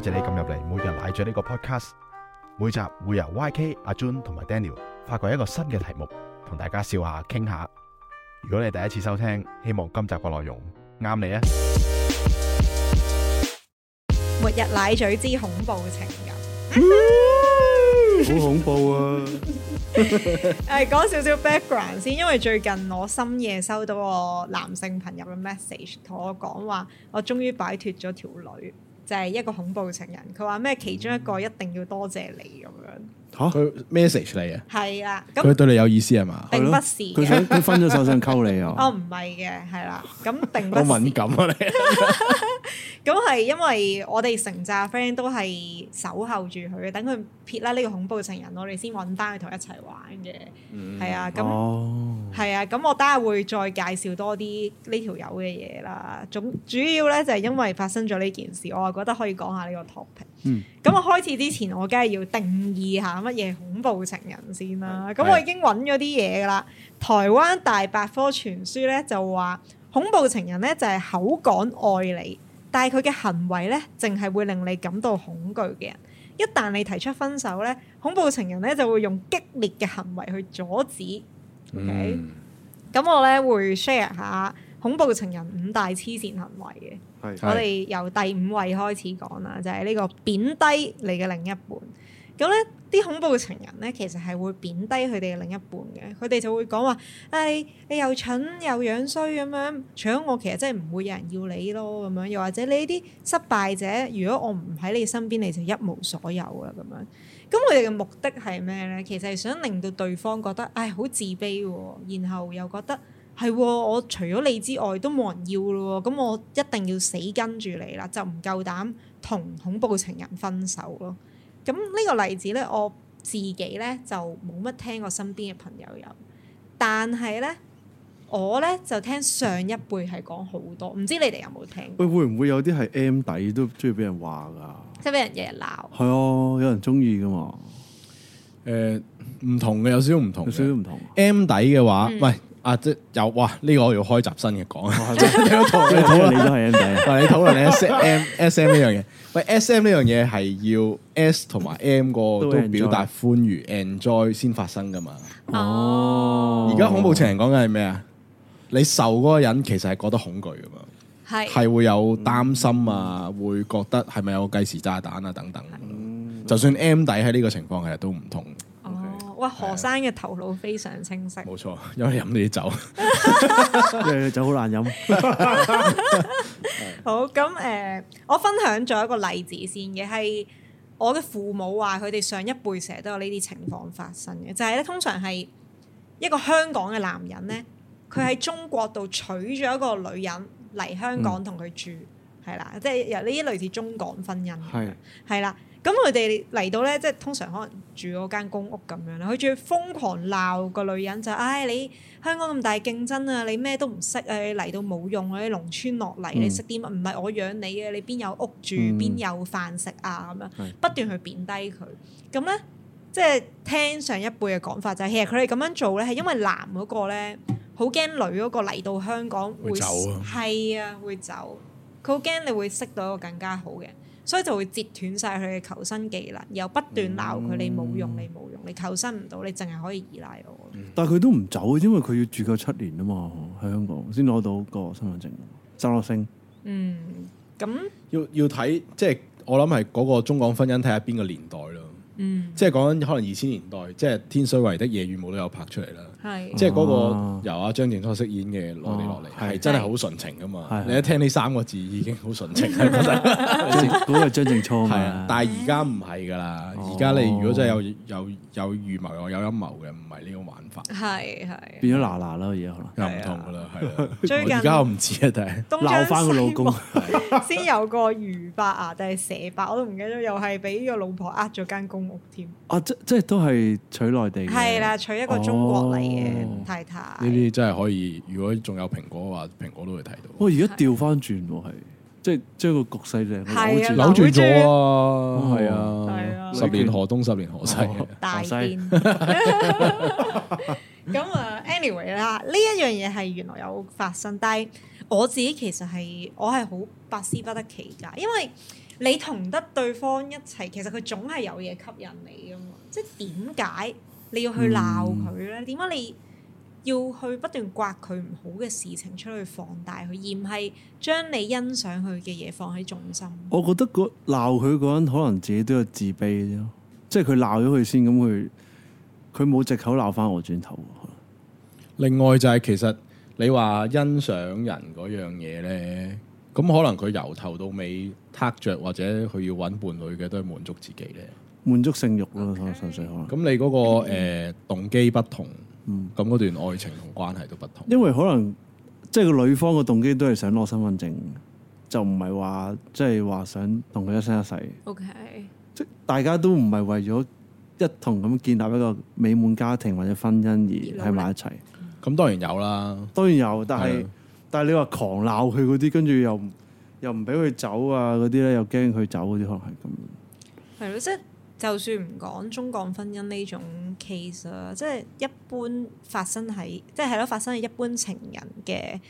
多謝你咁入嚟，每日奶嘴呢個 podcast，每集會由 YK 阿 Jun 同埋 Daniel 發掘一個新嘅題目，同大家笑下、傾下。如果你第一次收聽，希望今集嘅內容啱你啊！末日奶嘴之恐怖情人，好恐怖啊！係 講 少少 background 先，因為最近我深夜收到個男性朋友嘅 message，同我講話，我終於擺脫咗條女。就係一個恐怖情人，佢話咩？其中一個一定要多謝你咁樣。嚇佢 message 你啊！係啊，佢對你有意思係嘛？並不是，佢想分咗手想溝你啊！哦，唔係嘅，係啦，咁並我敏感啊你。咁係 因為我哋成扎 friend 都係守候住佢，等佢撇甩呢個恐怖情人，我哋先揾翻佢同一齊玩嘅。係啊、嗯，咁係啊，咁、哦、我等下會再介紹多啲呢條友嘅嘢啦。總主要咧就係因為發生咗呢件事，我覺得可以講下呢個 topic。嗯。咁啊開始之前，我梗係要定義下乜嘢恐怖情人先啦。咁我已經揾咗啲嘢㗎喇。台灣大百科全書咧就話恐怖情人咧就係口講愛你，但係佢嘅行為咧淨係會令你感到恐懼嘅人。一旦你提出分手咧，恐怖情人咧就會用激烈嘅行為去阻止。嗯、OK，咁我咧會 share 下。恐怖嘅情人五大黐線行為嘅，是我哋由第五位開始講啦，就係、是、呢個貶低你嘅另一半。咁咧，啲恐怖嘅情人咧，其實係會貶低佢哋嘅另一半嘅，佢哋就會講話：誒、哎，你又蠢又樣衰咁樣，除咗我，其實真係唔會有人要你咯，咁樣。又或者你呢啲失敗者，如果我唔喺你身邊，你就一無所有啦，咁樣。咁佢哋嘅目的係咩咧？其實係想令到對方覺得，唉、哎，好自卑，然後又覺得。係、哦、我除咗你之外都冇人要咯，咁我一定要死跟住你啦，就唔夠膽同恐怖情人分手咯。咁呢個例子咧，我自己咧就冇乜聽過。我身邊嘅朋友有，但係咧我咧就聽上一輩係講好多。唔知你哋有冇聽？喂，會唔會有啲係 M 底都中意俾人話噶？即係俾人日日鬧係啊！有人中意噶嘛？誒、呃、唔同嘅有少少唔同，有少少唔同 M 底嘅話，喂、嗯。啊！即有哇，呢、這個我要開集新嘅講。哦、 你都係 M 底，喂，你討論 S M S M 呢樣嘢？喂，S M 呢樣嘢係要 S 同埋 M 個都表達歡愉 enjoy 先發生噶嘛？哦，而家恐怖情人講緊係咩啊？你受嗰個人其實係覺得恐懼噶嘛？係係是會有擔心啊，嗯、會覺得係咪有計時炸彈啊等等？是就算 M 底喺呢個情況，其實都唔同。哇！何生嘅頭腦非常清晰。冇錯，有嚟飲你啲酒，誒酒好難飲。好咁誒，uh, 我分享咗一個例子先嘅，係我嘅父母話佢哋上一輩成日都有呢啲情況發生嘅，就係咧通常係一個香港嘅男人咧，佢喺中國度娶咗一個女人嚟香港同佢住。嗯係啦，即係由呢啲類似中港婚姻，係係啦。咁佢哋嚟到咧，即係通常可能住嗰間公屋咁樣啦。佢仲要瘋狂鬧個女人就係，唉，你香港咁大競爭啊，你咩都唔識啊，你嚟到冇用啊！你農村落嚟，你識啲乜？唔係、嗯、我養你嘅，你邊有屋住，邊有飯食啊？咁樣、嗯、不斷去貶低佢。咁咧，即係聽上一輩嘅講法就係，其實佢哋咁樣做咧，係因為男嗰個咧好驚女嗰個嚟到香港會，會走啊，係啊，會走。好驚你會識到一個更加好嘅，所以就會截斷晒佢嘅求生技能，又不斷鬧佢、嗯、你冇用，你冇用，你求生唔到，你淨係可以依賴我。嗯、但係佢都唔走，因為佢要住夠七年啊嘛，喺香港先攞到個身份證。周樂星，嗯，咁要要睇，即、就、係、是、我諗係嗰個中港婚姻睇下邊個年代咯。即係講緊可能二千年代，即係《天水圍的夜雨》冇都有拍出嚟啦。即係嗰個由阿張靜初飾演嘅落地落嚟，係真係好純情噶嘛。你一聽呢三個字已經好純情啦。嗰個張靜初係啊，但係而家唔係㗎啦。而家你如果真係有有有預謀或有陰謀嘅，唔係呢個玩法。係係。變咗嗱嗱咯，而家可能又唔同㗎啦。係啊，最近而家我唔知啊，但係鬧翻個老公，先有個魚伯啊，定係蛇伯我都唔記得咗。又係俾個老婆呃咗間公。添啊，即即都係娶內地，係啦、啊，娶一個中國嚟嘅太太。呢啲，哦、真係可以，如果仲有蘋果嘅話，蘋果都會睇到。哇，哦！而家調翻轉係，的即即個局勢靚，扭轉咗啊，係啊，係啊，啊的十，十年河東十年河西，啊哦，大變。咁啊，anyway 啦，呢一樣嘢係原來有發生，但係我自己其實係我係好百思不得其解，因為。你同得對方一齊，其實佢總係有嘢吸引你噶嘛？即係點解你要去鬧佢咧？點解、嗯、你要去不斷刮佢唔好嘅事情出去放大佢，而唔係將你欣賞佢嘅嘢放喺重心？我覺得鬧佢嗰人，可能自己都有自卑啫。即係佢鬧咗佢先，咁佢，佢冇藉口鬧翻我轉頭。另外就係其實你話欣賞人嗰樣嘢咧。咁可能佢由頭到尾撻著，或者佢要揾伴侶嘅，都係滿足自己咧。滿足性慾咯，純粹 Okay. 可能。咁你嗰、那個誒、呃、動機不同，咁嗰、嗯、段愛情同關係都不同。因為可能即係個女方嘅動機都係想攞身份證，就唔係話即係話想同佢一生一世。O K，即大家都唔係為咗一同咁建立一個美滿家庭或者婚姻而喺埋一齊。咁、嗯嗯、當然有啦，當然有，但係。但係你話狂鬧佢嗰啲，跟住又又唔俾佢走啊嗰啲咧，又驚佢走嗰啲，可能係咁。係咯，即係就算唔講中港婚姻呢種 case 啊，即係一般發生喺即係係咯，即係、發生喺一般情人嘅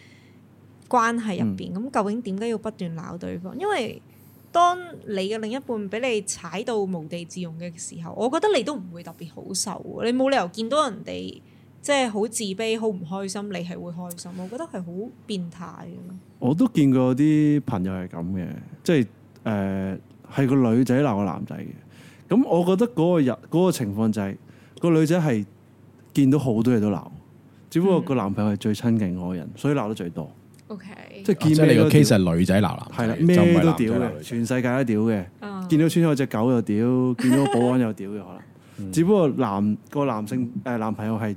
關係入邊，咁、嗯、究竟點解要不斷鬧對方？因為當你嘅另一半俾你踩到無地自容嘅時候，我覺得你都唔會特別好受。你冇理由見到人哋。即係好自卑、好唔開心，你係會開心，我覺得係好變態嘅。我都見過啲朋友係咁嘅，即係誒係個女仔鬧個男仔嘅。咁我覺得嗰個人、嗰個、情況就係、是、個女仔係見到好多嘢都鬧，只不過個男朋友係最親近嗰個人，所以鬧得最多。OK，即係見咩？啊、即係你個 case 係女仔鬧男，係啦，咩都屌嘅，全世界都屌嘅。Oh. 見到村口隻狗又屌，見到保安又屌嘅可能。 只不過男、個男性誒男朋友係。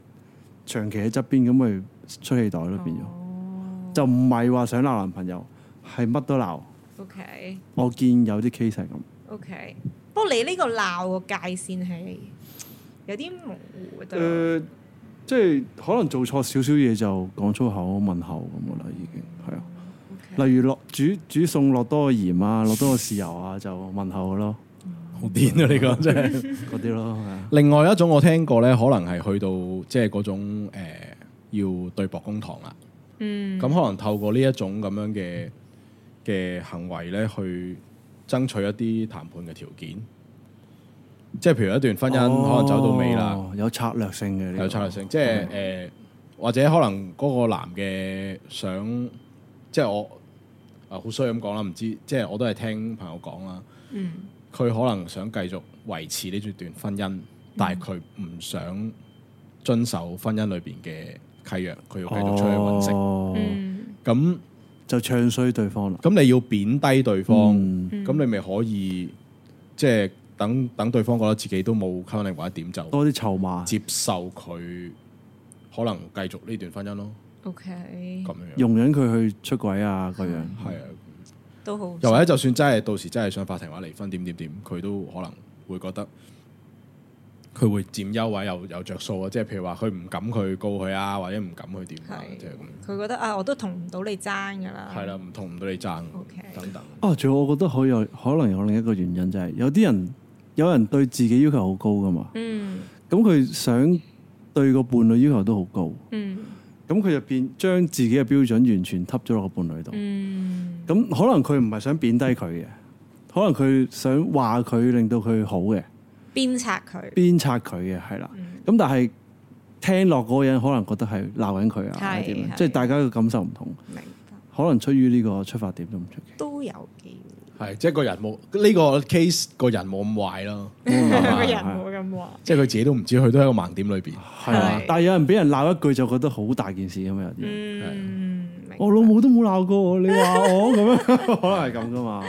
長期喺側邊，咁咪出氣袋咯變咗，oh. 就唔係話想鬧男朋友，係乜都鬧。O K。我見有啲 case 係咁。OK，不過你呢個鬧個界線係有啲模糊嘅。誒，uh, 即係可能做錯少少嘢就講粗口、問候咁嘅啦，已經係啊。Okay. 例如落煮煮餸落多個鹽啊，落多個豉油啊，就問候嘅咯。好癲啊！你講真係嗰啲咯。 另外一種我聽過咧，可能係去到即係嗰種誒、呃，要對簿公堂啦。嗯。咁可能透過呢一種咁樣嘅嘅行為咧，去爭取一啲談判嘅條件。即係譬如一段婚姻，哦，可能走到尾啦，有策略性嘅，有策略性。嗯，即係誒、呃，或者可能嗰個男嘅想，嗯，想，即係我啊，好衰咁講啦。唔知，即係我都係聽朋友講啦。嗯。佢可能想繼續維持呢段婚姻，但係佢唔想遵守婚姻裏邊嘅契約，佢要繼續出去揾食，咁就唱衰對方啦。咁你要貶低對方，咁、嗯、你咪可以即係、就是、等等對方覺得自己都冇溝你或者點就多啲籌碼接受佢可能繼續呢段婚姻咯。O K，咁樣容忍佢去出軌啊，個樣係啊。都好，又或者就算真係到時真係上法庭話離婚點點點，佢都可能會覺得佢會佔優位，又有着數啊！即係譬如話佢唔敢去告佢啊，或者唔敢去點啊，即係咁。佢覺得啊，我都同唔到你爭噶啦，係啦，唔同唔到你爭，Okay 等等。啊，仲有我覺得可有可能有另一個原因就係、是，有啲人有人對自己要求好高噶嘛，嗯，咁佢想對個伴侶要求都好高，嗯，咁佢入邊將自己嘅標準完全吸咗落個伴侶度，嗯嗯咁可能佢唔係想貶低佢嘅，可能佢想話佢令到佢好嘅，鞭策佢，鞭策佢嘅係啦。咁但係聽落嗰個人可能覺得係鬧緊佢啊，即係大家嘅感受唔同，可能出於呢個出發點都唔出奇，都有機會，係即係個人冇呢個 case，個人冇咁壞咯，個人冇咁壞，即係佢自己都唔知，佢都喺個盲點裏邊，係呀。但係有人俾人鬧一句就覺得好大件事噉樣，有啲係。我老母都冇鬧過我，你話我咁樣， 可能係咁噶嘛？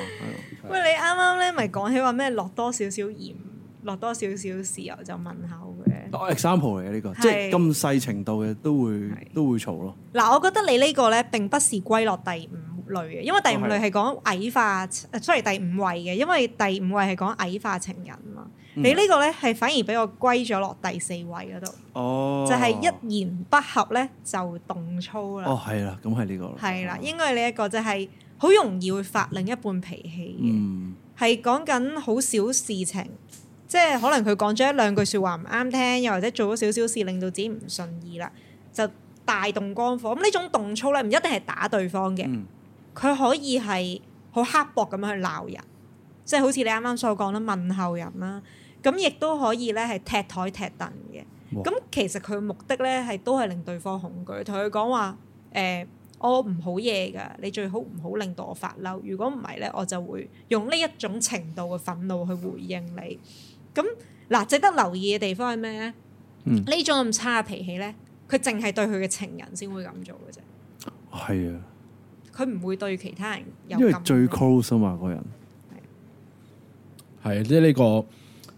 喂，你啱啱咧咪講起話咩落多少少鹽，落多少少豉油就問候嘅？Example 嚟嘅呢個，的即係咁細程度嘅都會的都會嘈咯。嗱，我覺得你呢個咧並不是歸落第五類嘅，因為第五類係講矮化、哦、sorry，第五位嘅，因為第五位係講矮化情人嘛。你呢個咧係反而俾我歸咗落第四位嗰度，哦、就係一言不合咧就動粗啦。哦，係啦，咁係呢個。係啦的，應該係呢一個就係、是、好容易會發另一半脾氣嘅，係講緊好少事情，即係可能佢講咗一兩句説話唔啱聽，又或者做咗少少事令到自己唔順意啦，就大動肝火。咁呢種動粗咧唔一定係打對方嘅，佢、嗯、可以係好刻薄咁樣去鬧人，即係好似你啱啱所講啦，問候人啦。咁亦都可以咧，係踢枱踢凳嘅。咁其實佢目的咧，係都係令對方恐懼，同佢講話：誒、呃，我唔好嘢㗎，你最好唔好令到我發嬲。如果唔係咧，我就會用呢一種程度嘅憤怒去回應你。咁嗱，值得留意嘅地方係咩咧？呢、嗯、種咁差嘅脾氣咧，佢淨係對佢嘅情人先會咁做嘅啫。係啊、嗯，佢唔會對其他人，有人，因為最 close 啊嘛，個人係啊，即係呢個。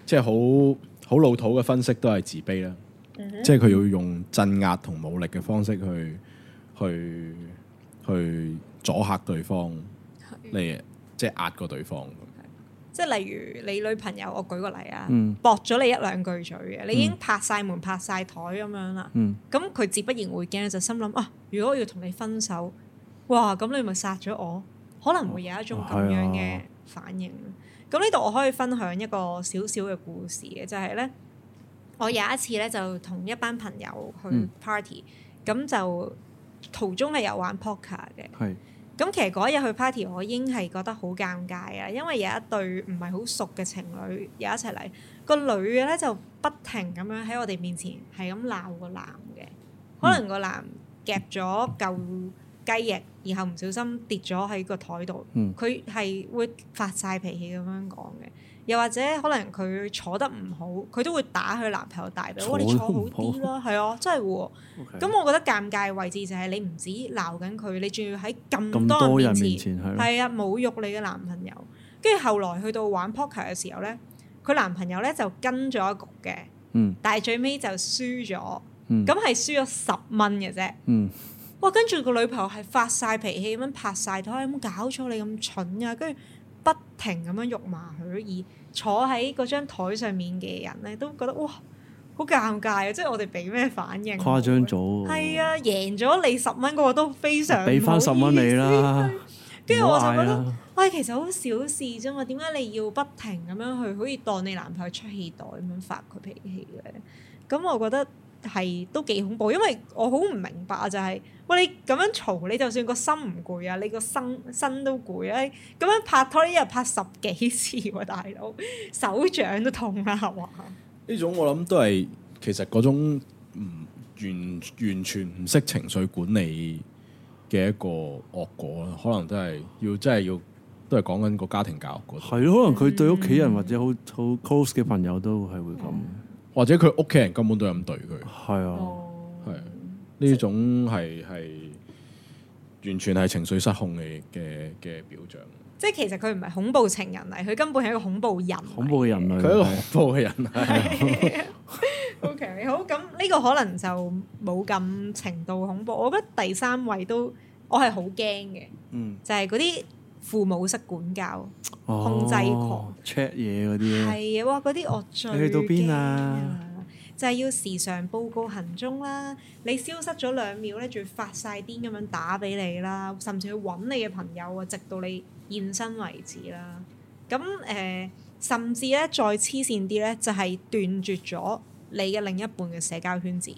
即係好好老土嘅分析都係自卑啦， 即係佢要用鎮壓同武力嘅方式去去去阻嚇對方，嚟的即係壓過對方。即係例如你女朋友，我舉個例啊，嗯、駁咗你一兩句嘴嘅，你已經拍晒門、拍晒枱咁樣啦。咁佢、嗯、自不然會驚，就心諗啊，如果我要同你分手，哇，咁你咪殺咗我，可能會有一種咁樣嘅反應。啊啊啊啊啊咁呢度我可以分享一個小小嘅故事嘅，就係、是、咧，我有一次咧就同一班朋友去 party，咁、嗯、就途中係有玩 poker 嘅。係是，咁其實嗰日去 party 我已經係覺得好尷尬啊，因為有一對唔係好熟嘅情侶有一齊嚟，個女嘅咧就不停咁樣喺我哋面前係咁鬧個男嘅，可能個男夾咗舊。雞翼，然後唔小心跌咗喺個台度，佢係、嗯、會發晒脾氣咁樣講嘅。又或者可能佢坐得唔好，佢都會打佢男朋友大髀。坐都你坐好啲啦，係好啊，真係喎。咁 Okay.、嗯、我覺得尷尬嘅位置就係你唔止鬧緊佢，你仲要喺咁多人面前係啊，啊侮辱你嘅男朋友。跟住後來去到玩 poker 嘅時候咧，佢男朋友咧就跟咗一局嘅，嗯、但係最尾就輸咗，嗯，咁係、嗯、輸咗十蚊嘅啫，嗯嗯哇！跟住個女朋友係發晒脾氣咁樣拍晒台，有冇搞錯你咁蠢啊！跟住不停咁樣辱罵佢，而坐喺嗰張台上面嘅人咧，都覺得哇好尷尬啊！即係我哋俾咩反應？誇張咗喎！係啊，贏咗你十蚊嗰個都非常俾翻十蚊你啦。跟住 對我就覺得，喂，其實好小事啫嘛，點解你要不停咁樣去，好似當你男朋友出氣袋咁樣發佢脾氣嘅？」咁我覺得。係都幾恐怖，因為我好唔明白啊！就係、是、喂，你咁樣嘈，你就算個心唔攰啊，你個身身都攰啊！咁樣拍拖，一日拍十幾次喎、啊，大佬手掌都痛啦、啊，係嘛？呢種我諗都係其實嗰種唔完完全唔識情緒管理嘅一個惡果啦，可能都係要真係要都係講緊個家庭教育嗰度。係咯，嗯、可能佢對屋企人或者好好 close 嘅朋友都係會咁。嗯或者佢屋企人根本都咁對佢，係啊，係呢是、嗯、種係係完全係情緒失控嘅嘅嘅表象。即係其實佢唔係恐怖情人嚟，佢根本係一個恐怖人，恐怖人類，佢、嗯、係一個恐怖嘅人。O K，好，咁呢個可能就冇咁程度恐怖。我覺得第三位都我係好驚嘅，嗯、就係嗰啲。父母式管教、哦、控制狂、check 嘢嗰啲，係啊！哇，嗰啲我最驚啊！你哋去到邊啊！就係要時常報告行蹤啦，你消失咗兩秒咧，仲要發晒癲咁樣打俾你啦，甚至去揾你嘅朋友啊，直到你現身為止啦。咁誒、呃，甚至咧再黐線啲咧，就係斷絕咗你嘅另一半嘅社交圈子，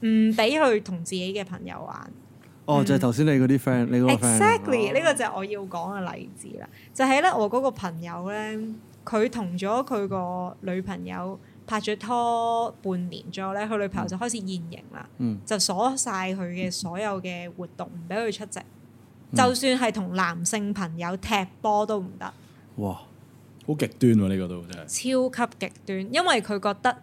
唔俾佢同自己嘅朋友玩。哦，就係頭先你嗰啲 friend，exactly 呢個就係我要講嘅例子啦。就係咧，我嗰個朋友咧，佢同咗佢個，就是，個朋女朋友拍咗拖半年左右咧，佢女朋友就開始現形啦，嗯、就鎖晒佢嘅所有嘅活動，唔俾佢出席，嗯、就算係同男性朋友踢波都唔得。哇！好極端喎，啊，呢個都真係超級極端，因為佢覺得。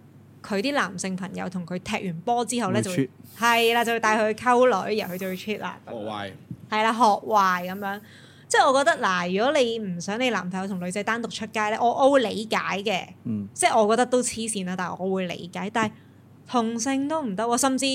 佢啲男性朋友同佢踢完波之後咧就係啦會帥，就會帶佢去溝女，然後佢就會 cheat 啦，係啦學壞，學壞咁樣。即係我覺得嗱，如果你唔想你男朋友同女仔單獨出街咧，我我會理解嘅。嗯，即係我覺得都黐線啦，但係我會理解。但係同性都唔得喎，甚至。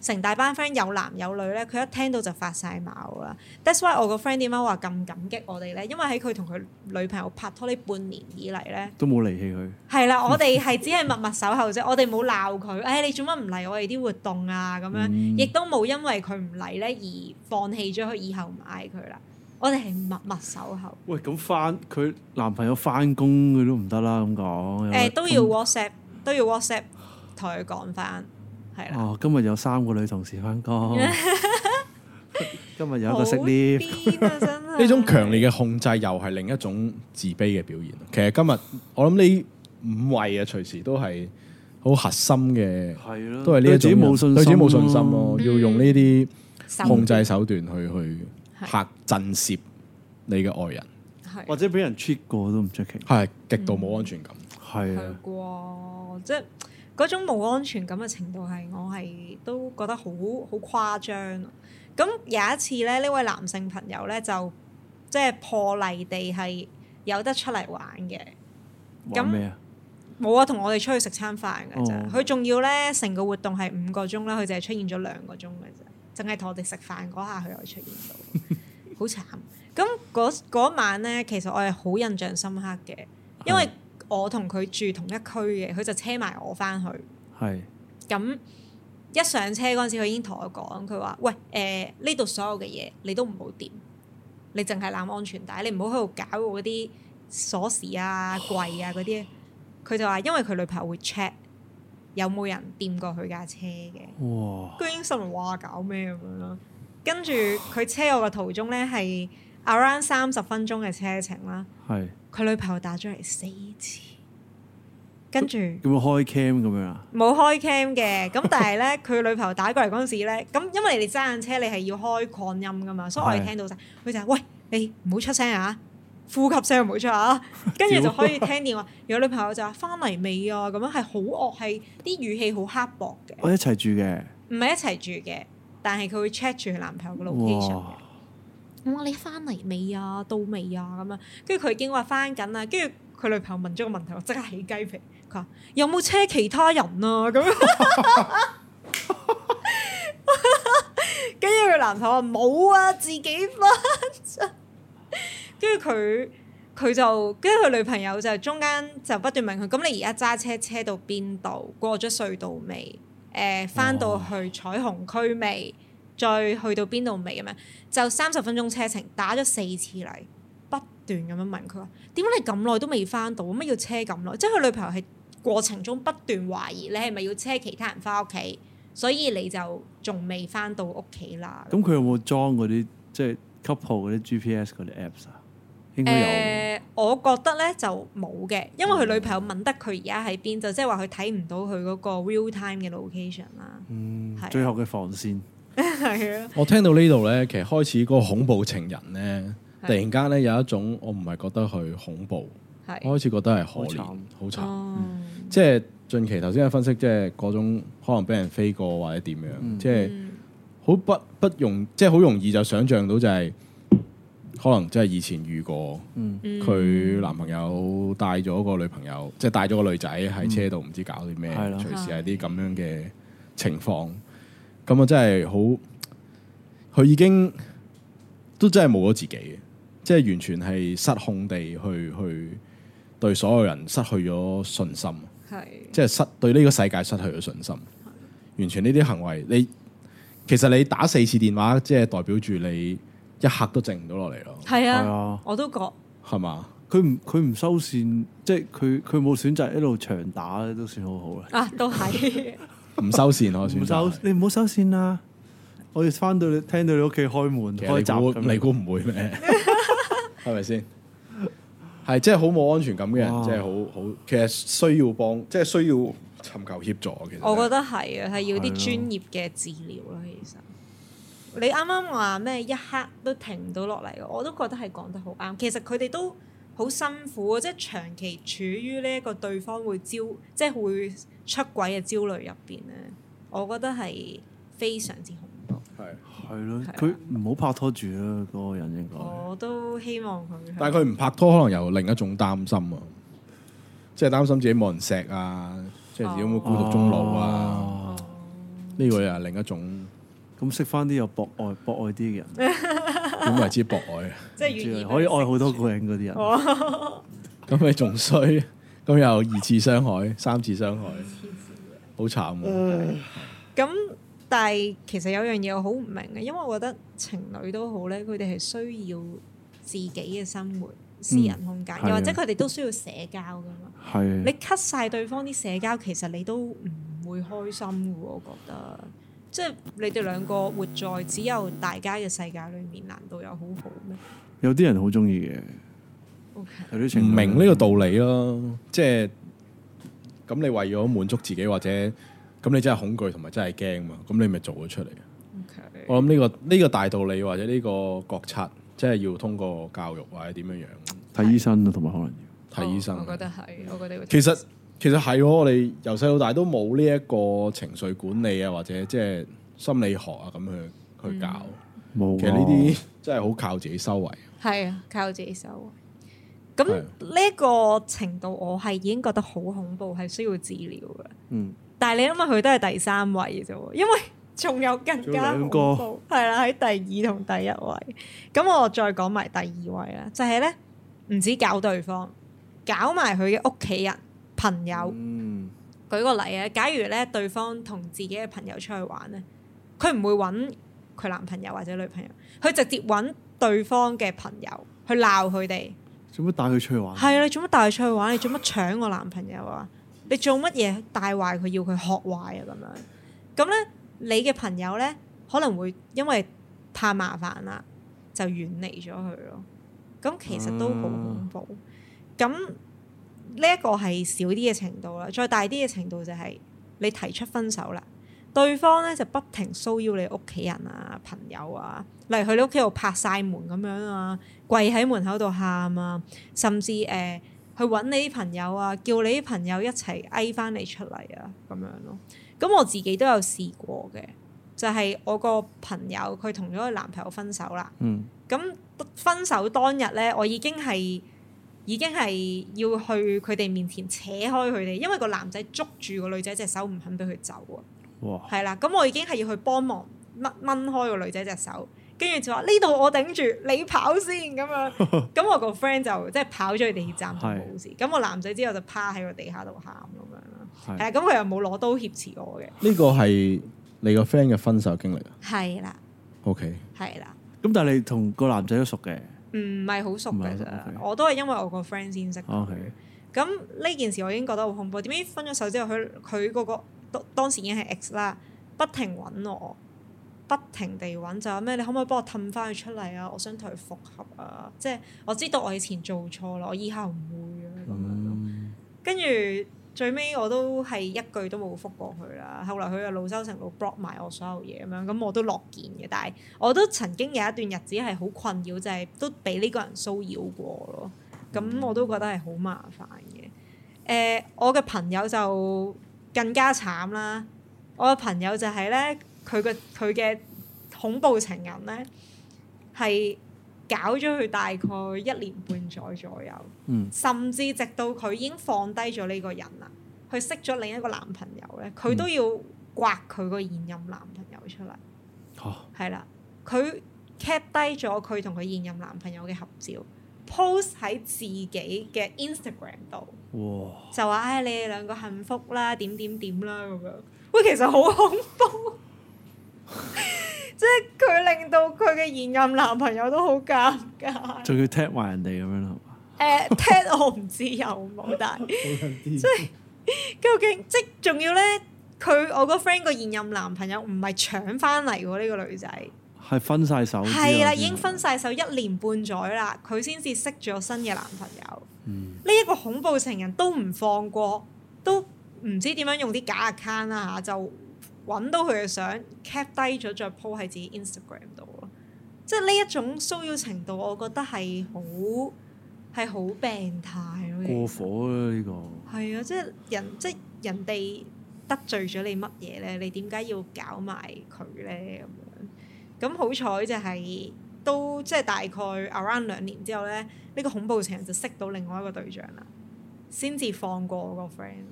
成大班 friend 有男有女咧，佢一聽到就發晒矛啦。That's why 我個 friend 點解話咁感激我哋咧？因為喺佢同佢女朋友拍拖呢半年以嚟咧，都冇離棄佢。係啦，我哋係只係默默守候啫。 我哋冇鬧佢，誒、哎、你做乜唔嚟我哋啲活動啊？咁樣、嗯、亦都冇因為佢唔嚟咧而放棄咗佢以後唔嗌佢啦。我哋係默默守候。喂，咁翻佢男朋友返工佢都唔得啦，咁講誒都要 WhatsApp、嗯、都要 WhatsApp 同佢講返。哦，今日有三個女同事返工， 今日有一個識啲，呢、啊、 種強烈嘅控制又係另一種自卑嘅表現。其實今日我諗呢五位啊，隨時都係好核心嘅，係咯、啊，都係呢一種對自己冇信心咯，要用呢啲控制手段去去嚇震懾你嘅愛人，啊啊、或者俾人 check 過都唔出奇，係、啊、極度冇安全感，係、嗯、啊，即係、啊。嗰種冇安全感嘅程度係，我係都覺得好好誇張。咁有一次咧，呢位男性朋友咧就即係破例地係有得出嚟玩嘅。咁咩啊？冇啊，同我哋出去食餐飯㗎咋。佢仲、哦、要咧，成個活動係五個鐘啦，佢淨係出現咗兩個鐘㗎咋，淨係同我哋食飯嗰下，佢又出現到，好 慘。咁嗰嗰晚咧，其實我係好印象深刻嘅，因為。我同佢住同一區嘅，佢就車埋我翻去。係是。咁一上車嗰陣時，佢已經同我講，佢話：喂，誒呢度所有嘅嘢你都唔好掂，你淨係攬安全帶，你唔好喺度搞嗰啲鎖匙啊、櫃啊嗰啲。佢 就話因為佢女朋友會 check 有冇人掂過佢架車嘅。佢已經心話，哇，搞咩咁樣啦？跟住佢車我嘅途中咧係。Around 三十分鐘嘅車程啦，佢女朋友打咗嚟四次，跟住有冇開 cam 咁樣啊？冇開 cam 嘅，咁但係咧佢女朋友打過嚟嗰陣時咧，咁因為你哋揸緊車，你係要開擴音噶嘛，所以我可以聽到晒。佢是就話：喂，你唔好出聲啊，呼吸聲唔好出啊，跟住就可以聽電話。如果 女朋友就話：翻嚟未啊？咁樣係好惡，係啲語氣好刻薄嘅。我一齊住嘅，唔係一齊住嘅，但係佢會 check 住佢男朋友嘅 location。我、嗯、你翻嚟未啊？到未啊？咁樣，跟住佢已經話翻緊啦。跟住佢女朋友問咗個問題，我即刻起雞皮。佢話有冇車其他人啦、啊？咁，跟住佢男朋友話冇啊，自己翻。跟住佢佢就跟住佢女朋友就中間就不斷問佢：咁你而家揸車車到邊度？過咗隧道未？誒、呃，翻到去彩虹區未？哦再去到邊度未咁樣？就三十分鐘車程，打咗四次嚟，不斷咁樣問佢話：點解你咁耐都未翻到？乜要車咁耐？即係佢女朋友係過程中不斷懷疑你係咪要車其他人翻屋企，所以你就仲未翻到屋企啦。咁佢、嗯、有冇裝嗰啲即係 couple 嗰啲 GPS 嗰啲 apps 啊？應該有、呃。我覺得咧就冇嘅，因為佢女朋友問得佢而家喺邊，就即係話佢睇唔到佢嗰個 real time 嘅 location 啦。嗯，係。最後嘅防線。係啊！我聽到呢度咧，其實開始嗰個恐怖情人咧，突然間咧有一種我唔係覺得佢恐怖，我開始覺得係可憐好慘。即係近期頭先嘅分析，即係嗰種可能俾人飛過或者點樣，即係好不不容，即係好容易就想象到就係可能即係以前遇過，佢男朋友帶咗個女朋友，即係帶咗個女仔喺車度，唔知搞啲咩，隨時係啲咁樣嘅情況。咁我真係好，佢已經都真係冇咗自己嘅，即係完全係失控地去去對所有人失去咗信心，係是即係失對呢個世界失去咗信心，是完全呢啲行為，你其實你打四次電話，即係代表住你一刻都靜唔到落嚟咯，係啊，啊我都覺係嘛，佢唔佢唔收線，即係佢佢冇選擇一路長打都算好好嘅，啊，都係。 唔收綫我先唔收，你唔好收綫啦！我要翻到你，聽到你屋企開門你開閘，你估唔會咩？係咪先？係即係好冇安全感嘅人，哇即係好好，其實需要幫，即係需要尋求協助。其實我覺得係啊，係要啲專業嘅治療咯。其實你啱啱話咩一刻都停唔到落嚟，我都覺得係講得好啱。其實佢哋都好辛苦，即係長期處於呢一個對方會招，即係會。出軌嘅焦慮入邊咧，我覺得係非常之恐怖。係係咯，佢唔好拍拖住啦，嗰、那個人應該。我都希望佢。但係佢唔拍拖，可能又另一種擔心啊，即係擔心自己冇人錫啊，即、就、係、是、自己有冇孤獨終老啊？呢、oh, oh, oh. 個又係另一種。咁識翻啲有博愛博愛啲嘅人，點為之博愛啊？即係原來可以愛好多個人嗰啲人。咁你仲衰？都有二次傷害，三次傷害，好、啊、慘喎、啊！咁、嗯、但係其實有樣嘢我好唔明嘅，因為我覺得情侶都好咧，佢哋係需要自己嘅生活、嗯、私人空間，的又或者佢哋都需要社交噶嘛。係的你 cut 曬對方啲社交，其實你都唔會開心嘅。我覺得，即係你哋兩個活在只有大家嘅世界裏面難，難道有好好咩？有啲人好中意嘅。明呢個道理咯，即係咁你為咗滿足自己，或者咁你真係恐懼同埋真係驚嘛，咁你咪做咗出嚟。我諗呢個呢個大道理或者呢個國策，即係要通過教育或者點樣樣，睇醫生同埋可能要睇醫生。我覺得係，我覺得其實其實係我哋由細到大都冇呢一個情緒管理啊，或者即係心理學啊咁去去教。冇，其實呢啲真係好靠自己修為。係啊，靠自己修為。咁呢個程度，我係已經覺得好恐怖，係需要治療嘅。嗯，但係你諗下，佢都係第三位嘅啫，因為仲有更加恐怖，係啦，喺第二同第一位。咁我再講埋第二位啦，就係咧，唔止搞對方，搞埋佢嘅屋企人、朋友。嗯，舉個例啊，假如咧對方同自己嘅朋友出去玩咧，佢唔會搵佢男朋友或者女朋友，佢直接搵對方嘅朋友去鬧佢哋。做乜帶佢出去玩？係啊！你做乜帶佢出去玩？你做乜搶我男朋友啊？你做乜嘢帶壞佢？要佢學壞啊？咁樣咁咧，你嘅朋友咧可能會因為怕麻煩啦，就遠離咗佢咯。咁其實都好恐怖。咁呢、啊、一個係少啲嘅程度啦，再大啲嘅程度就係、是、你提出分手啦。對方咧就不停騷擾你屋企人啊、朋友啊，例如去你屋企度拍晒門咁樣啊，跪喺門口度喊啊，甚至誒、呃、去揾你啲朋友啊，叫你啲朋友一齊嗌返你出嚟啊，咁樣咯。咁我自己都有試過嘅，就係、是、我個朋友佢同咗個男朋友分手啦。嗯，咁分手當日咧，我已經係已經係要去佢哋面前扯開佢哋，因為個男仔捉住個女仔隻手唔肯俾佢走啊。係啦，咁哇我已經係要去幫忙掹掹開個女仔隻手，跟住就話呢度我頂住，你先跑先咁樣。咁 我個 friend 就即係跑咗去地鐵站，冇事。咁的我男仔之後就趴喺個地下度喊咁樣啦。係啊的，咁佢又冇攞刀挾持我嘅。呢個係你個 friend 嘅分手經歷啊？係啦。O K。係啦。咁但係你同個男仔都熟嘅？唔係好熟嘅，其實、okay、我都係因為我個 friend 先識。O K。咁呢件事我已經覺得好恐怖。點解分咗手之後佢佢、嗰個？當當時已經係 X 啦，不停揾我，不停地揾，就話咩你可唔可以幫我氹翻佢出嚟啊？我想同佢復合啊！即係我知道我以前做錯啦，我以後唔會啊咁、嗯、樣咯。跟住最尾我都係一句都冇覆過佢啦。後嚟佢又惱羞成怒，block 埋我所有嘢咁樣，咁我都樂見嘅。但係我都曾經有一段日子係好困擾，就係、是、都俾呢個人騷擾過咯。咁我都覺得係好麻煩嘅。誒、呃，我嘅朋友就更加慘啦！我個朋友就係咧，佢嘅佢嘅恐怖情人咧，係搞咗佢大概一年半載左右，嗯、甚至直到佢已經放低咗呢個人啦，佢識咗另一個男朋友咧，佢都要刮佢個現任男朋友出嚟，係啦、啊，佢 cap 低咗佢同佢現任男朋友嘅合照。post 喺自己嘅 Instagram 度，哇就話：唉，你哋兩個幸福啦，點點點啦，咁樣。喂，其實好恐怖， 即係佢令到佢嘅現任男朋友都好尷尬。仲要踢 a 埋人哋咁樣啦，係嘛、呃？誒 t 我唔知有冇， 但係 即係究竟即係仲要咧？佢我個 friend、那個現任男朋友唔係搶翻嚟喎，呢、這個女仔。係分晒手，係啦，已經分晒手一年半載啦，佢先至識咗新嘅男朋友。呢一、嗯、個恐怖情人，都唔放過，都唔知點樣用啲假 account 啦、啊、就揾到佢嘅相，cap 低咗再 po 喺自己 Instagram 度咯。即係呢一種騷擾程度，我覺得係好係好病態咯。過火啦呢個！係啊，即係人，即係人哋得罪咗你乜嘢咧？你點解要搞埋佢咧？咁好彩就係都即係大概 around 兩年之後咧，呢、呢個恐怖情人就識到另外一個對象啦，先至放過嗰個 friend。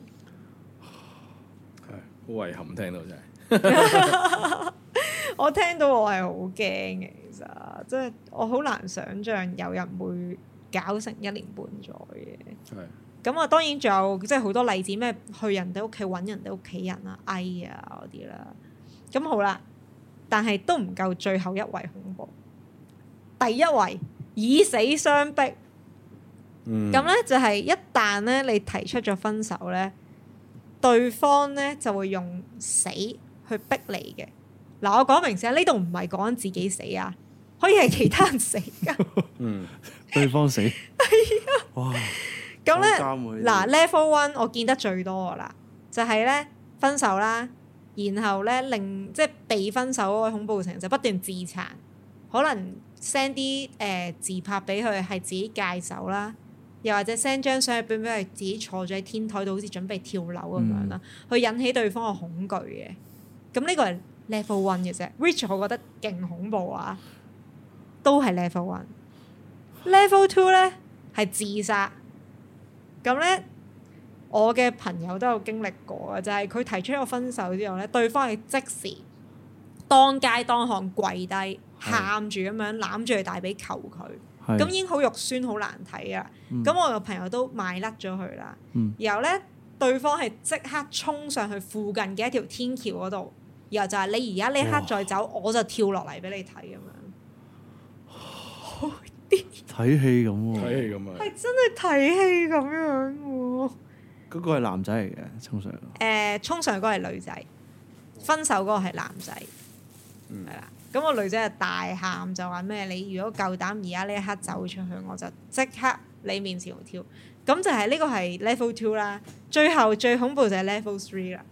係，好遺憾聽到真係。 我聽到我係好驚嘅，其實即係我好難想像有人會搞成一年半載嘅。係的。咁啊，當然仲有即係好多例子咩？去人哋屋企，揾人哋屋企人啊哎啊嗰啲啦。咁好啦。但係都唔夠最後一位恐怖，第一位，以死相逼，咁咧、嗯、就係、是、一旦咧你提出咗分手咧，對方咧就會用死去逼你嘅。嗱，我講明先，呢度唔係講自己死啊，可以係其他人死噶。 嗯，對方死，係啊，哇！咁咧嗱，Level One 我見得最多噶啦，就係、是、咧分手啦。然後咧令即係被分手嗰個恐怖情人就不斷自殘，可能 send 啲誒自拍俾佢係自己戒酒啦，又或者 send 張相入邊俾佢自己坐咗喺天台度，好似準備跳樓咁樣啦，嗯、去引起對方嘅恐懼嘅。咁呢個係 level one 嘅啫，which 我覺得勁恐怖啊，都係 level one。level two 咧係自殺，咁咧。我嘅朋友都有經歷過啊，就係、是、佢提出咗分手之後咧，對方係即時當街當巷跪低，喊住咁樣攬住佢大髀求佢，咁已經好肉酸好難睇啊！咁、嗯、我個朋友都賣甩咗佢啦。然後咧，對方係即刻衝上去附近嘅一條天橋嗰度，然後就係你而家呢刻再走，我就跳落嚟俾你睇咁樣。睇戲咁喎，睇戲咁啊，係真係睇戲咁樣喎。嗰個係男仔嚟嘅，沖上。誒，uh, 沖上嗰個係女仔，分手嗰個係男仔，係啦，mm。咁個女仔就大喊就話咩？你如果夠膽而家呢一刻走出去，我就即刻你面前跳。咁就係呢個係 level two 啦。最後最恐怖就係 level three 啦，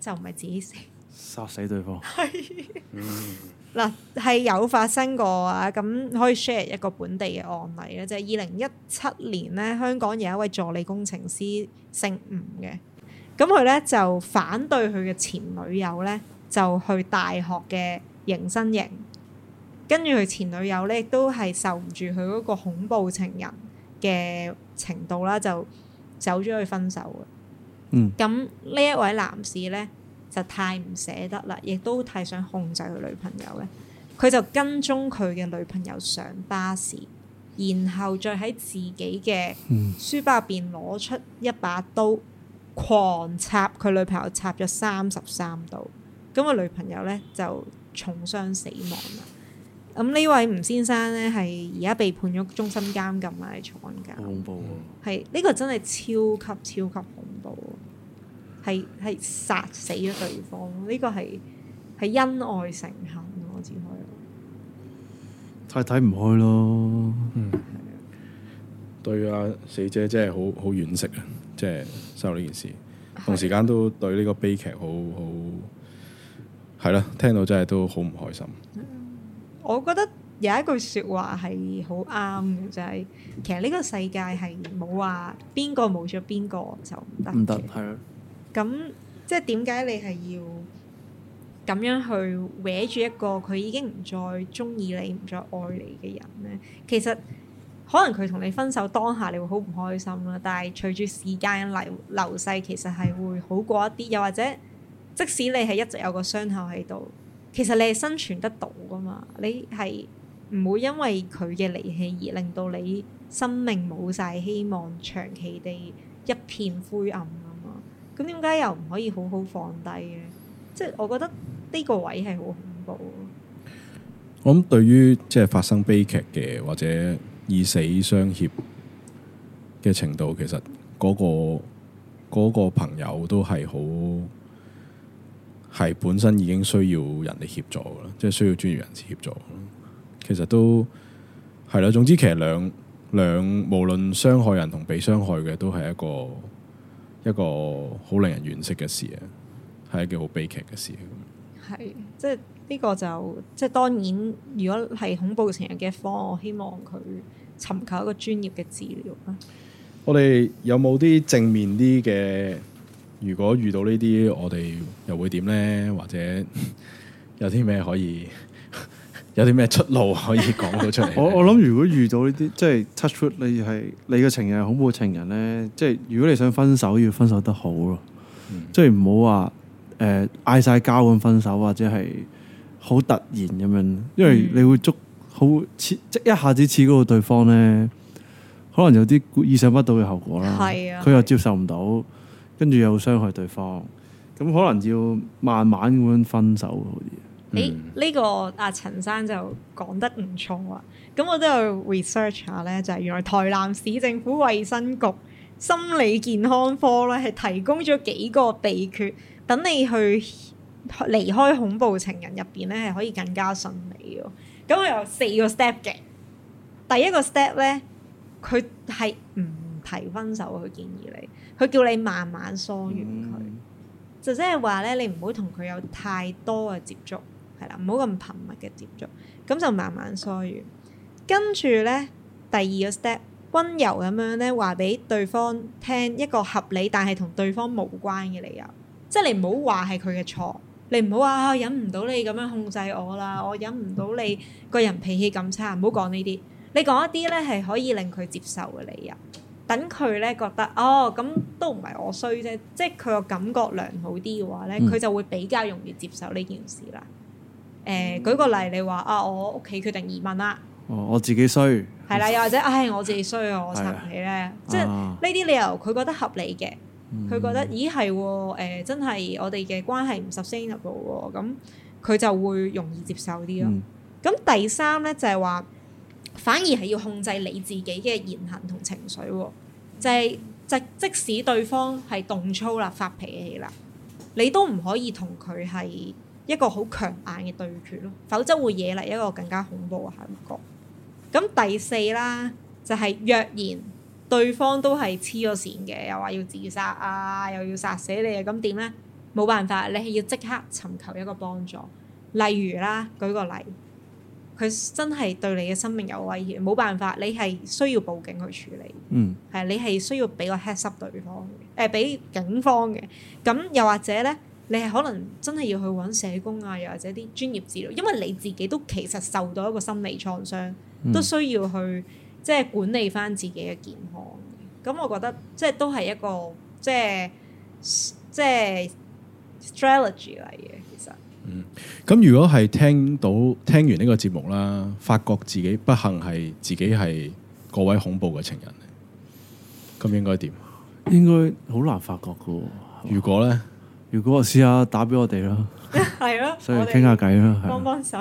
就唔係自己死，殺死對方。係。 嗱，係有發生過啊！咁可以 share 一個本地嘅案例咧，就係二零一七年咧，香港有一位助理工程師姓吳嘅，咁佢咧就反對佢嘅前女友咧，就去大學嘅迎新營，跟住佢前女友咧亦都係受唔住佢嗰個恐怖情人嘅程度啦，就走咗去分手嘅。嗯，咁呢一位男士咧。就太唔捨得啦，亦都太想控制佢女朋友咧。佢就跟蹤佢嘅女朋友上巴士，然後再喺自己嘅書包入邊攞出一把刀，狂插佢女朋友，插咗三十三刀。咁個女朋友咧就重傷死亡啦。咁呢位吳先生咧，係而家被判咗終身監禁啦，係重案監。恐怖啊！係呢、呢個真係超級超級恐怖。係係殺死咗對方，呢、這個係係恩愛成恨，我只可以講太睇唔開咯。嗯的，對啊，死者真係好好惋惜啊，即係收呢件事，的同時間都對呢個悲劇好好係啦。聽到真係都好唔開心、嗯。我覺得有一句說話係好啱嘅，就係、是、其實呢個世界係冇話邊個冇咗邊個就唔得，唔得係咯。咁即係點解你係要咁樣去搲住一個佢已經唔再中意你、唔再愛你嘅人咧？其實可能佢同你分手當下，你會好唔開心啦。但係隨住時間流流逝，其實係會好過一啲。又或者即使你係一直有一個傷口喺度，其實你係生存得到噶嘛？你係唔會因為佢嘅離棄而令到你生命冇晒希望，長期地一片灰暗。咁點解又唔可以好好放低嘅？即係我覺得呢個位係好恐怖。我諗對於即係發生悲劇嘅或者以死相協嘅程度，其實嗰個嗰個朋友都係好係本身已經需要人哋協助嘅啦，即係需要專業人士協助。其實都係啦。總之其實兩兩無論傷害人同被傷害嘅都係一個。一個好令人惋惜嘅事啊，係一件好悲劇嘅事。係，即係呢個就即係當然，如果係恐怖情人嘅一方，我希望佢尋求一個專業嘅治療啦。我哋有冇啲正面啲嘅？如果遇到呢啲，我哋又會點咧？或者 有啲咩可以？有啲咩出路可以講到出嚟？ 我我諗，如果遇到呢啲即係 touch wood 你係你嘅情人恐怖情人咧，即係如果你想分手，要分手得好咯，即係唔好話誒嗌晒交咁分手，或者係好突然咁樣，因為你會捉好刺、嗯，即係一下子刺嗰個對方咧，可能有啲意想不到嘅後果啦。係啊，佢又接受唔到，跟住、啊、又傷害對方，咁可能要慢慢咁樣分手好啲。誒呢、哎這個阿陳生就講得唔錯啊！咁我都有 research 下咧，就係、是、原來台南市政府衛生局心理健康科咧，係提供咗幾個秘訣，等你去離開恐怖情人入邊咧，係可以更加順利嘅。咁佢有四個 step 嘅，第一個 step 咧，佢係唔提分手，去建議你，佢叫你慢慢疏遠佢，嗯、就即係話咧，你唔好同佢有太多嘅接觸。係啦，唔好咁頻密嘅接觸，咁就慢慢疏遠。跟住咧，第二個 step，溫柔咁樣咧，話俾對方聽一個合理但係同對方無關嘅理由，即係你唔好話係佢嘅錯，你唔好話忍唔到你咁樣控制我啦，我忍唔到你個人脾氣咁差，唔好講呢啲，你講一啲咧係可以令佢接受嘅理由，等佢咧覺得哦，咁都唔係我衰啫，即係佢個感覺良好啲嘅話咧，佢就會比較容易接受呢件事啦。誒、呃、舉個例，你話啊，我屋企決定移民啦、哦，我自己衰，係啦，又或者唉、哎，我自己衰的是啊，我 cheat 你咧，即係呢啲理由佢覺得合理嘅，佢覺得咦係誒、哎呃，真係我哋嘅關係唔 sustainable 咁佢就會容易接受啲咯。咁、嗯、第三咧就係話，反而係要控制你自己嘅言行同情緒喎，就係、是、即即使對方係動粗啦、發脾氣啦，你都唔可以同佢係一個好強硬嘅對決咯，否則會惹嚟一個更加恐怖嘅效果。咁第四啦，就係、是、若然對方都係黐咗線嘅，又話要自殺啊，又要殺死你啊，咁點咧？冇辦法，你係要即刻尋求一個幫助。例如啦，舉個例，佢真係對你嘅生命有威脅，冇辦法，你係需要報警去處理。嗯，係你係需要俾個 heads up 對方嘅，俾、呃、警方嘅。咁又或者咧？你係可能真係要去揾社工啊，又或者啲專業治療，因為你自己都其實受到一個心理創傷，嗯、都需要去即係、即係、管理翻自己嘅健康。咁我覺得即係都係一個即係即係 strategy 嚟嘅，其實。嗯，咁如果係聽到聽完呢個節目啦，發覺自己不幸係自己係個位恐怖嘅情人，咁應該點？應該好難發覺㗎。如果咧？如果我試下打俾我哋咯，係咯 吧，所以傾下偈咯，幫幫手。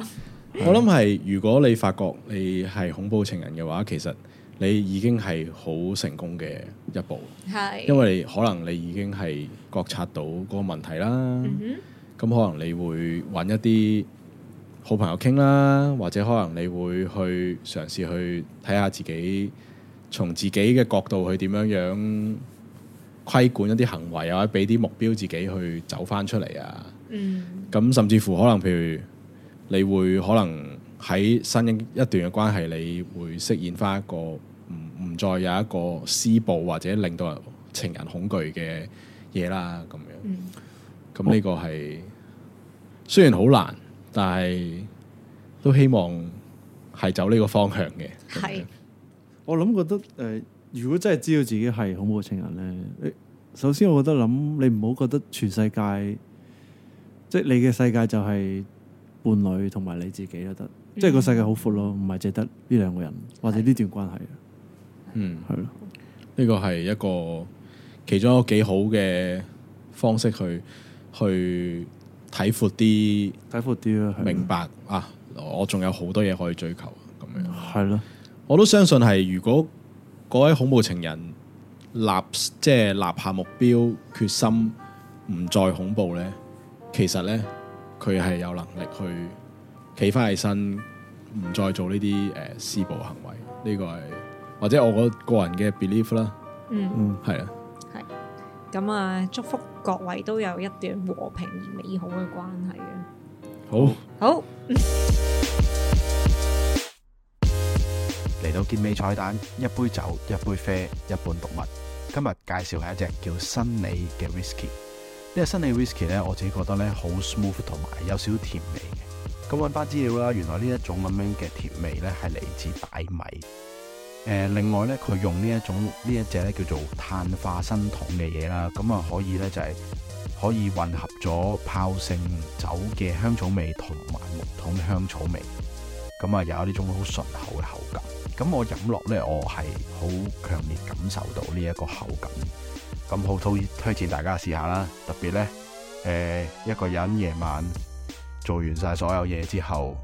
對我諗係如果你發覺你係恐怖情人嘅話，其實你已經係好成功嘅一步，係是，因為可能你已經係覺察到嗰個問題啦。咁、嗯、哼可能你會搵一啲好朋友傾啦，或者可能你會去嘗試去睇下自己，從自己嘅角度去點樣樣。規管一啲行為啊，或者俾啲目標自己去走返出嚟啊。咁、嗯、甚至乎可能譬如，你會可能喺新一段嘅關係，你會飾演返一個唔唔再有一個施暴或者令到人情人恐懼嘅嘢啦。咁樣，咁呢、嗯、個係雖然好難，但係都希望係走呢個方向嘅。係是，樣我諗覺得誒。呃如果真係知道自己係恐怖情人呢，首先我覺得諗，你唔好覺得全世界，即係你嘅世界就係伴侶同埋你自己都得，即係，嗯，個世界好闊咯，唔係淨得呢兩個人或者呢段關係。嗯，係咯的，呢個係一個其中一個幾好嘅方式去去睇闊啲，睇闊啲明白啊！我仲有好多嘢，可以追求，咁樣係咯，的我都相信係如果。各位恐怖情人立即係立下目標，決心唔再恐怖咧。其實咧，佢係有能力去企翻起身，唔再做呢啲誒施暴行為。呢、這個係或者我個人嘅 belief 啦。嗯嗯，係、嗯、啊，係。咁啊，祝福各位都有一段和平而美好嘅關係啊！好，好。 嚟到結尾彩蛋，一杯酒，一杯啡，一半動物。今日介紹係一隻叫新李嘅 whisky。呢、這個新李 whisky 咧，我自己覺得咧好 smooth 同埋有少少甜味嘅。咁揾翻資料啦，原來呢一種咁樣嘅甜味咧係嚟自大米。誒、呃，另外咧佢用呢一種呢一隻咧叫做碳化新桶嘅嘢啦，咁啊可以咧就係、是、可以混合咗泡性酒嘅香草味同埋木桶香草味，咁啊有呢種好順口嘅口感。咁我飲落咧，我係好強烈感受到呢一個口感，咁好推推薦大家試下啦。特別咧，誒、呃，一個人夜晚做完晒所有嘢之後，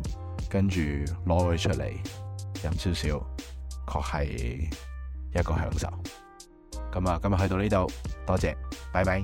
跟住攞佢出嚟飲少少，確係一，一個享受。咁啊，今日去到呢度，多謝，拜拜。